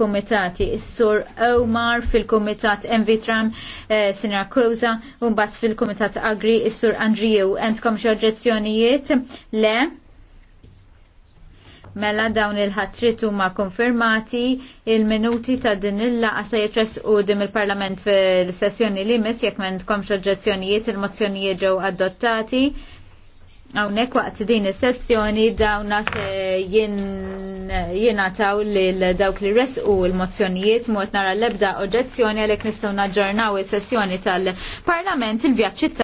komitati. s sur Omar fil-komitat Envitram, eh, Sinra Kouza, unbat fil-komitat Agri, is-sur Andriju. Entkom xoġġezzjonijiet? Le? Mela dawn il-ħatritu ma konfermati il-minuti ta' din il-laqa se jitres u dim il-parlament fil-sessjoni li mis jek m'għandkomx oġġezzjonijiet il-mozzjonijiet ġew adottati. Hawnhekk waqt din is-sezzjoni dawna se jien li lil dawk li resqu l-mozzjonijiet mod nara l-ebda oġġezzjoni għalhekk nistgħu naġġornaw is-sessjoni tal-Parlament il-vjaġġ